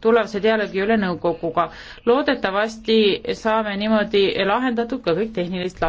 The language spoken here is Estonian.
tulevase dialoogi üle nõukoguga. loodetavasti saame niimoodi lahendatud ka kõik tehnilist laadi